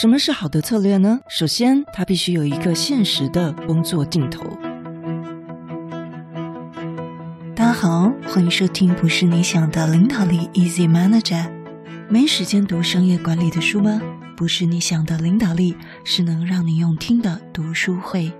什麼是好的策略呢？首先，它必須有一個現實的工作鏡頭。大家好，歡迎收聽《不是你想的領導力》，Easy Manager。沒時間讀商業管理的書嗎？不是你想的領導力，是能讓你用聽的讀書會。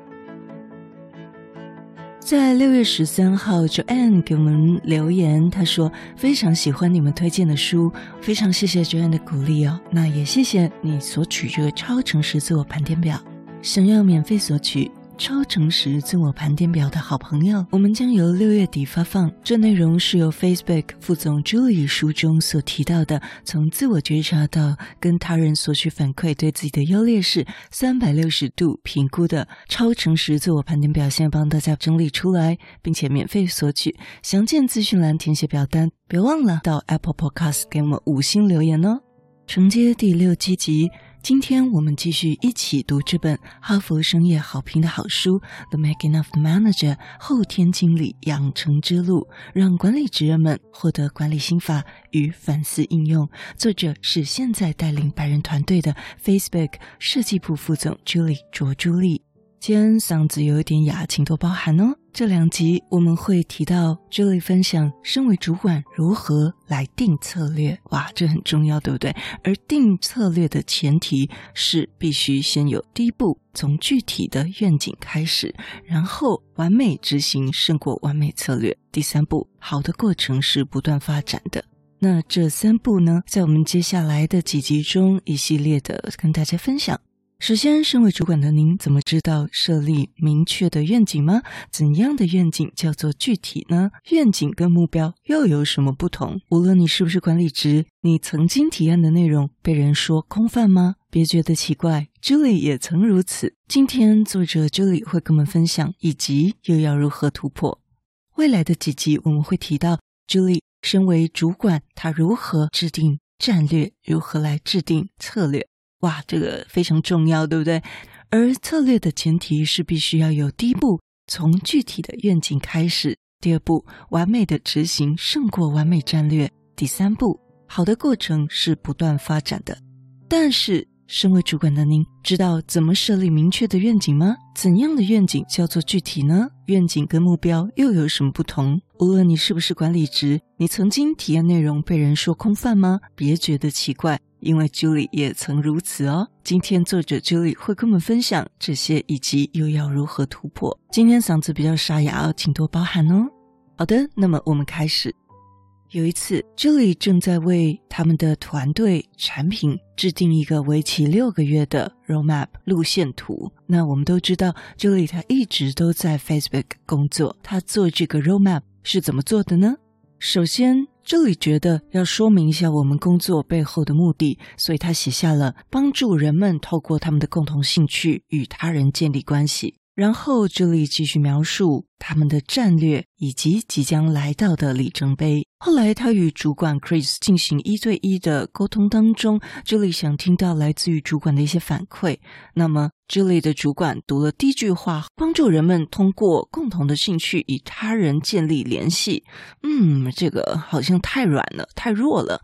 在六月十三號，Joanne 給我們留言，她說非常喜歡你們推薦的書，非常謝謝 Joanne 的鼓勵哦，那也謝謝你索取這個超誠實自我盤點表，想要免費索取。超誠實自我盤點表的好朋友，我們將由六月底發放。這內容是由 Facebook 副總 Julie 書中所提到的，從自我覺察到跟他人索取反饋，對自己的優劣勢三百六十度評估的超誠實自我盤點表，先幫大家整理出來，並且免費索取。詳見資訊欄欄填寫表單，別忘了到 Apple Podcast 給我們五星留言哦。承接第六七集。今天我們繼續一起讀這本哈佛商業好評的好書《The Making of a Manager：後天經理養成之路》，讓管理職人們獲得管理心法與反思應用。作者是現在帶領百人團隊的 Facebook 設計部副總朱莉卓朱莉。既然嗓子有一點啞，請多包涵哦。這兩集我們會提到，Julie 分享身為主管如何來定策略。哇，這很重要，對不對？而定策略的前提是必須先有第一步，從具體的願景開始，然後完美執行勝過完美策略。第三步，好的過程是不斷發展的。那這三步呢，在我們接下來的幾集中，一系列的跟大家分享。首先，身為主管的您，怎麼知道設立明確的願景嗎？怎樣的願景叫做具體呢？願景跟目標又有什麼不同？無論你是不是管理職，你曾經體驗的內容被人說空泛嗎？別覺得奇怪，Julie 也曾如此。今天，作者 Julie 會跟我們分享，以及又要如何突破。未來的幾集，我們會提到 Julie 身為主管，她如何制定戰略，如何來制定策略。哇，這個非常重要，對不對？而策略的前提是必須要有第一步，從具體的願景開始；第二步，完美的執行勝過完美戰略；第三步，好的過程是不斷發展的。但是，身為主管的您，知道怎麼設立明確的願景嗎？怎樣的願景叫做具體呢？願景跟目標又有什麼不同？無論你是不是管理職，你曾經體驗內容被人說空泛嗎？別覺得奇怪，因為 Julie 也曾如此哦。今天作者 Julie 會跟我們分享這些，以及又要如何突破。今天嗓子比較沙啞哦，請多包涵哦。好的，那麼我們開始。有一次，Julie 正在為他們的團隊產品制定一個為期六個月的 Roadmap 路線圖。那我們都知道，Julie 她一直都在 Facebook 工作，她做這個 Roadmap。是怎麼做的呢？首先，Julie 覺得要說明一下我們工作背後的目的，所以他寫下了幫助人們透過他們的共同興趣與他人建立關係。然後 Julie 繼續描述他們的戰略以及即將來到的里程碑。後來，他與主管 Chris 進行一對一的溝通當中，Julie 想聽到來自於主管的一些反饋。那麼 Julie 的主管讀了第一句話，幫助人們通過共同的興趣與他人建立聯繫。嗯，這個好像太軟了，太弱了。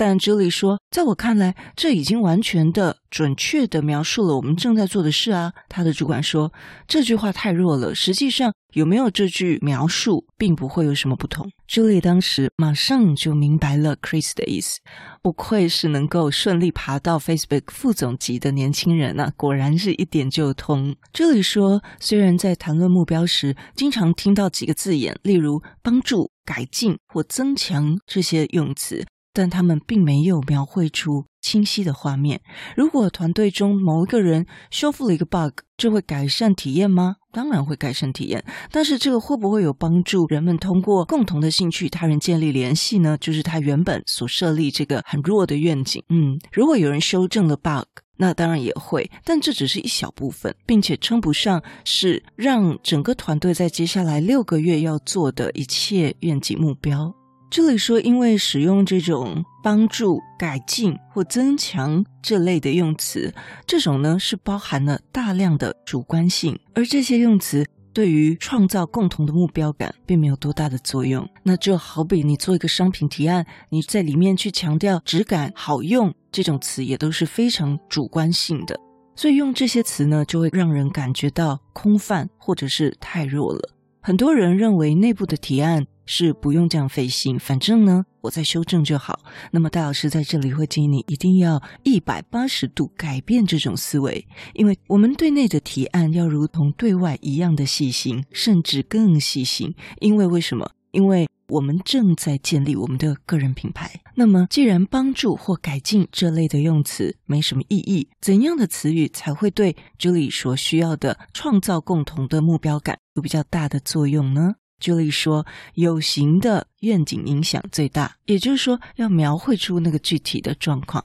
但朱莉說：“在我看來，這已經完全的、準確的描述了我們正在做的事啊。”他的主管說：“這句話太弱了。實際上，有沒有這句描述，並不會有什麼不同。”朱莉當時馬上就明白了 Chris 的意思。不愧是能夠順利爬到 Facebook 副總級的年輕人啊！果然是一點就通。朱莉說：“雖然在談論目標時，經常聽到幾個字眼，例如‘幫助’、‘改進’或‘增強’這些用詞。”但他們並沒有描繪出清晰的畫面。如果團隊中某一個人修復了一個 bug，這會改善體驗嗎？當然會改善體驗。但是這個會不會有幫助人們通過共同的興趣與他人建立聯繫呢？就是他原本所設立這個很弱的願景。嗯，如果有人修正了 bug，那當然也會，但這只是一小部分，並且稱不上是讓整個團隊在接下來六個月要做的一切願景目標。這裡說，因為使用這種幫助、改進或增強這類的用詞，這種呢是包含了大量的主觀性，而這些用詞對於創造共同的目標感並沒有多大的作用。那就好比你做一個商品提案，你在裡面去強調質感好用這種詞，也都是非常主觀性的，所以用這些詞呢，就會讓人感覺到空泛或者是太弱了。很多人認為內部的提案，是不用這樣費心，反正呢，我在修正就好。那麼戴老師在這裡會建議你一定要一百八十度改變這種思維，因為我們對內的提案要如同對外一樣的細心，甚至更細心。因為為什麼？因為我們正在建立我們的個人品牌。那麼，既然幫助或改進這類的用詞沒什麼意義，怎樣的詞語才會對 Julie 所需要的創造共同的目標感有比較大的作用呢？舉例說，有形的願景影響最大，也就是說，要描繪出那個具體的狀況。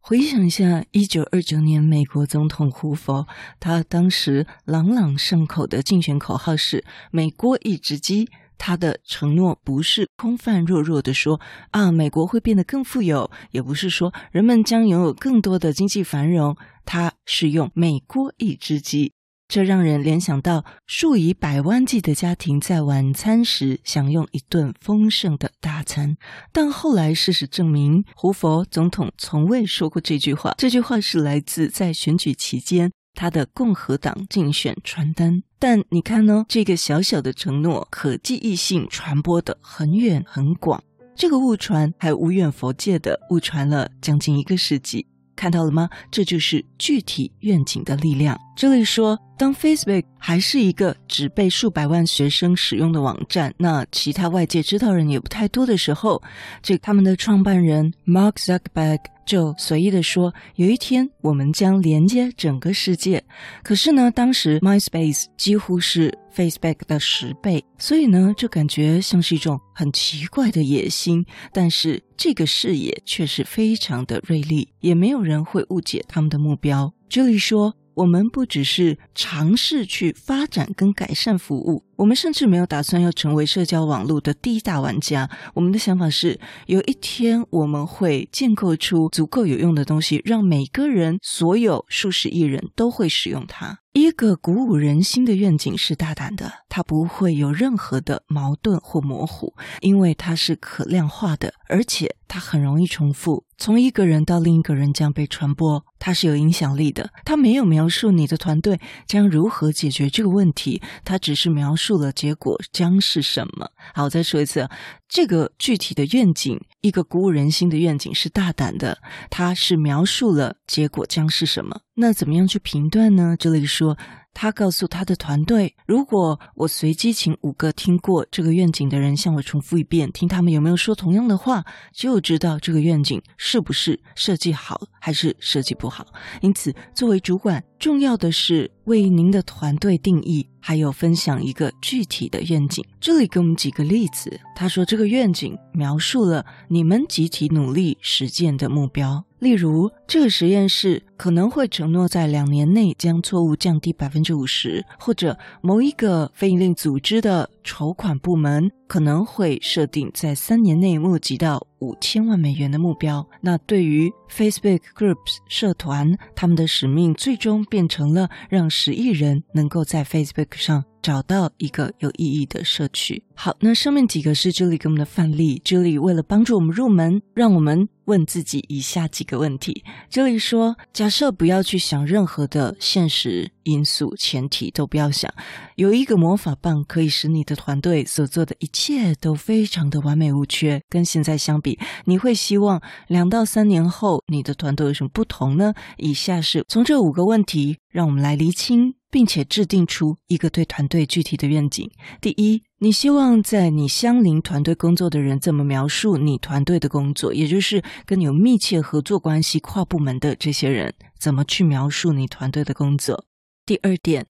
回想一下，一九二九年美國總統胡佛，他當時朗朗上口的競選口號是“美國一隻雞”。他的承諾不是空泛弱弱的說“啊，美國會變得更富有”，也不是說人們將擁有更多的經濟繁榮，他是用“美國一隻雞”。這讓人聯想到數以百萬計的家庭在晚餐時享用一頓豐盛的大餐，但後來事實證明，胡佛總統從未說過這句話。這句話是來自在選舉期間他的共和黨競選傳單。但你看呢、哦？這個小小的承諾可記憶性傳播得很遠很廣。這個誤傳還無遠弗屆的誤傳了將近一個世紀。看到了嗎？這就是具體願景的力量。這裡說，當 Facebook 還是一個只被數百萬學生使用的網站，那其他外界知道人也不太多的時候，這他們的創辦人 Mark Zuckerberg 就隨意地說：“有一天，我們將連接整個世界。”可是呢，當時 MySpace 幾乎是 Facebook 的十倍，所以呢，就感覺像是一種很奇怪的野心。但是這個視野卻是非常的銳利，也沒有人會誤解他們的目標。這裡說。我們不只是嘗試去發展跟改善服務，我們甚至沒有打算要成為社交網絡的第一大玩家。我們的想法是，有一天我們會建構出足夠有用的東西，讓每個人，所有數十億人都會使用它。一個鼓舞人心的願景是大膽的，它不會有任何的矛盾或模糊，因為它是可量化的，而且，它很容易重複，從一個人到另一個人將被傳播。它是有影響力的。它沒有描述你的團隊將如何解決這個問題，它只是描述了結果將是什麼。好，再說一次啊，這個具體的願景，一個鼓舞人心的願景是大膽的。它是描述了結果將是什麼。那怎麼樣去評斷呢？這裡說。他告訴他的團隊：“如果我隨機請五個聽過這個願景的人向我重複一遍，聽他們有沒有說同樣的話，就知道這個願景是不是設計好還是設計不好。”因此，作為主管，重要的是為您的團隊定義。還有分享一個具體的願景，這裡給我們幾個例子。他說，這個願景描述了你們集體努力實踐的目標，例如，這個實驗室可能會承諾在兩年內將錯誤降低百分之五十，或者某一個非營利組織的籌款部門。可能會設定在三年內募集到五千萬美元的目標。那對於 Facebook Groups 社團，他們的使命最終變成了讓十億人能夠在 Facebook 上找到一個有意義的社區。好，那上面幾個是 Julie 給我們的範例。Julie 為了幫助我們入門，讓我們，問自己以下幾個問題：這裡說，假設不要去想任何的現實因素，前提都不要想。有一個魔法棒可以使你的團隊所做的一切都非常的完美無缺。跟現在相比，你會希望兩到三年後你的團隊有什麼不同呢？以下是從這五個問題，讓我們來釐清，並且制定出一個對團隊具體的願景。第一，你希望在你相鄰團隊工作的人怎麼描述你團隊的工作，也就是跟你有密切合作關係、跨部門的這些人怎麼去描述你團隊的工作？第二點，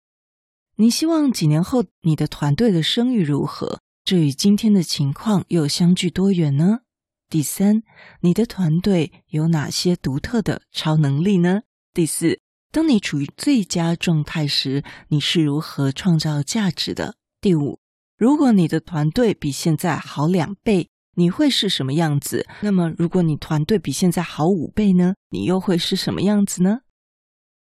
你希望幾年後你的團隊的聲譽如何？這與今天的情況又相距多遠呢？第三，你的團隊有哪些獨特的超能力呢？第四，當你處於最佳狀態時，你是如何創造價值的？第五，如果你的團隊比現在好兩倍，你會是什麼樣子？那麼，如果你團隊比現在好五倍呢？你又會是什麼樣子呢？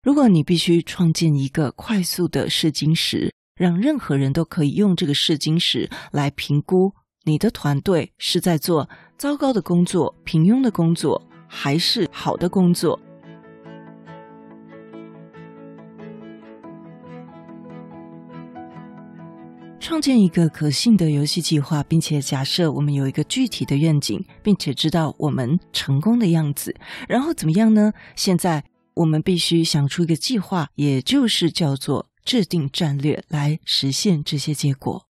如果你必須創建一個快速的試金石，讓任何人都可以用這個試金石來評估你的團隊是在做糟糕的工作、平庸的工作，還是好的工作？創建一個可信的遊戲計劃，並且假設我們有一個具體的願景，並且知道我們成功的樣子，然後怎麼樣呢？現在我們必須想出一個計劃，也就是叫做制定戰略，來實現這些結果。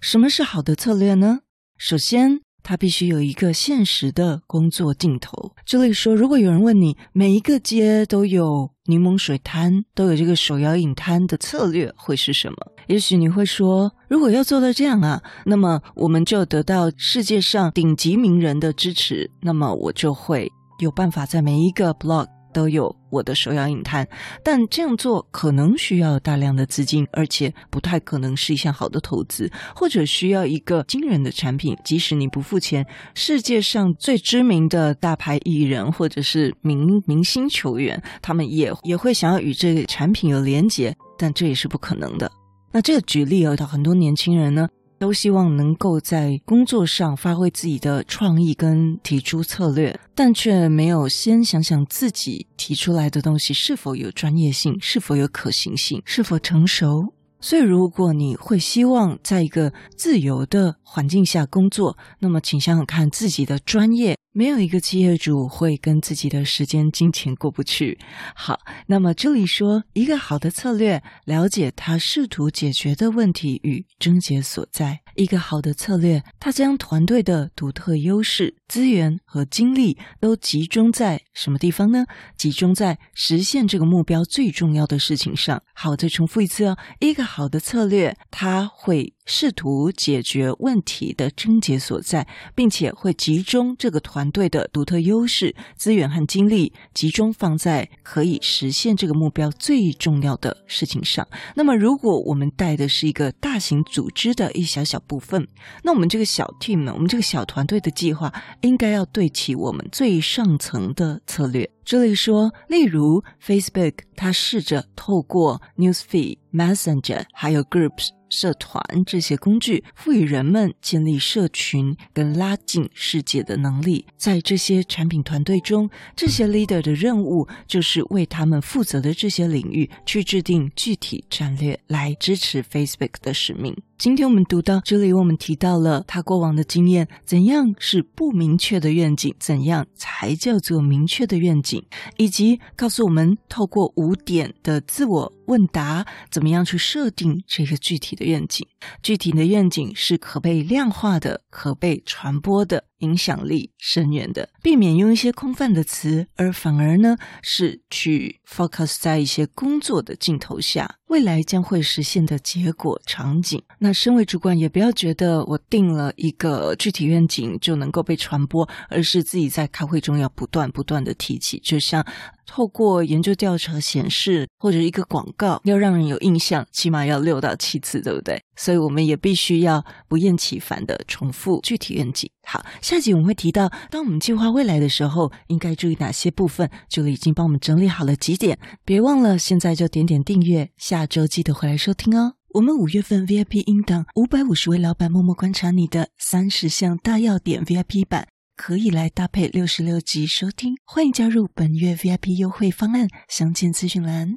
什麼是好的策略呢？首先，它必須有一個現實的工作鏡頭。舉例說，如果有人問你，每一個街都有。檸檬水攤都有這個手搖飲攤的策略會是什麼？也許你會說，如果要做到這樣啊，那麼我們就得到世界上頂級名人的支持，那麼我就會有辦法在每一個 blog。都有我的手搖影壇，但這樣做可能需要大量的資金，而且不太可能是一項好的投資，或者需要一個驚人的產品。即使你不付錢，世界上最知名的大牌藝人或者是明明星球員，他們也也會想要與這個產品有連接，但這也是不可能的。那這個舉例啊，到很多年輕人呢。都希望能夠在工作上發揮自己的創意跟提出策略，但卻沒有先想想自己提出來的東西是否有專業性，是否有可行性，是否成熟。所以，如果你會希望在一個自由的環境下工作，那麼請想想看自己的專業，沒有一個企業主會跟自己的時間、金錢過不去。好，那麼這裡說一個好的策略，了解他試圖解決的問題與症結所在。一個好的策略，它將團隊的獨特優勢、資源和精力都集中在什麼地方呢？集中在實現這個目標最重要的事情上。好，再重複一次哦，一個好的策略，它會。試圖解決問題的症結所在，並且會集中這個團隊的獨特優勢、資源和精力，集中放在可以實現這個目標最重要的事情上。那麼，如果我們帶的是一個大型組織的一小小部分，那我們這個小 team 呢，我們這個小團隊的計劃應該要對齊我們最上層的策略。這裡說，例如 Facebook，它試着透過 Newsfeed、Messenger 還有 Groups。社團這些工具賦予人們建立社群跟拉近世界的能力。在這些產品團隊中，這些 leader 的任務就是為他們負責的這些領域去制定具體戰略，來支持 Facebook 的使命。今天我們讀到這裡，我們提到了他過往的經驗，怎樣是不明確的願景，怎樣才叫做明確的願景，以及告訴我們透過五點的自我問答，怎麼樣去設定這個具體的願景。具體的願景是可被量化的，可被傳播的，影響力深遠的，避免用一些空泛的詞，而反而呢是去 focus 在一些工作的鏡頭下，未來將會實現的結果場景。那身為主管，也不要覺得我定了一個具體願景就能夠被傳播，而是自己在開會中要不斷不斷的提起，就像。透過研究調查顯示，或者一個廣告要讓人有印象，起碼要六到七次，對不對？所以我們也必須要不厭其煩地重複具體願景。好，下集我們會提到，當我們計劃未來的時候，應該注意哪些部分，就已經幫我們整理好了幾點。別忘了現在就點點訂閱，下週記得回來收聽哦。我們五月份 VIP 音檔，五百五十位老闆默默觀察你的三十項大要點 VIP 版。可以來搭配六十六集收聽，歡迎加入本月 VIP 優惠方案，詳見資訊欄。